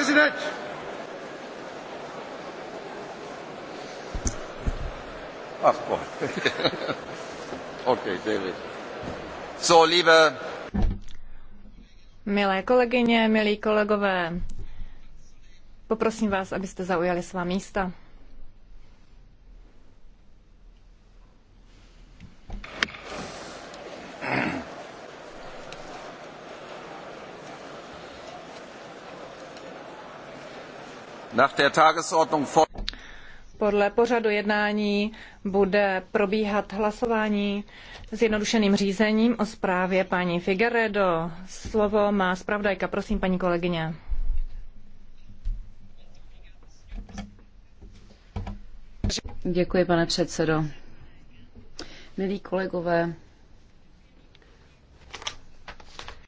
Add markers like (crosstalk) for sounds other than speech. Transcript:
President. Ach, (laughs) okay, David. So, liebe... Milé kolegyně, milí kolegové, poprosím vás, abyste zaujali svá místa. Podle pořadu jednání bude probíhat hlasování s jednodušeným řízením o zprávě paní Figueredo. Slovo má zpravodajka, prosím paní kolegyně. Děkuji, pane předsedo. Milí kolegové,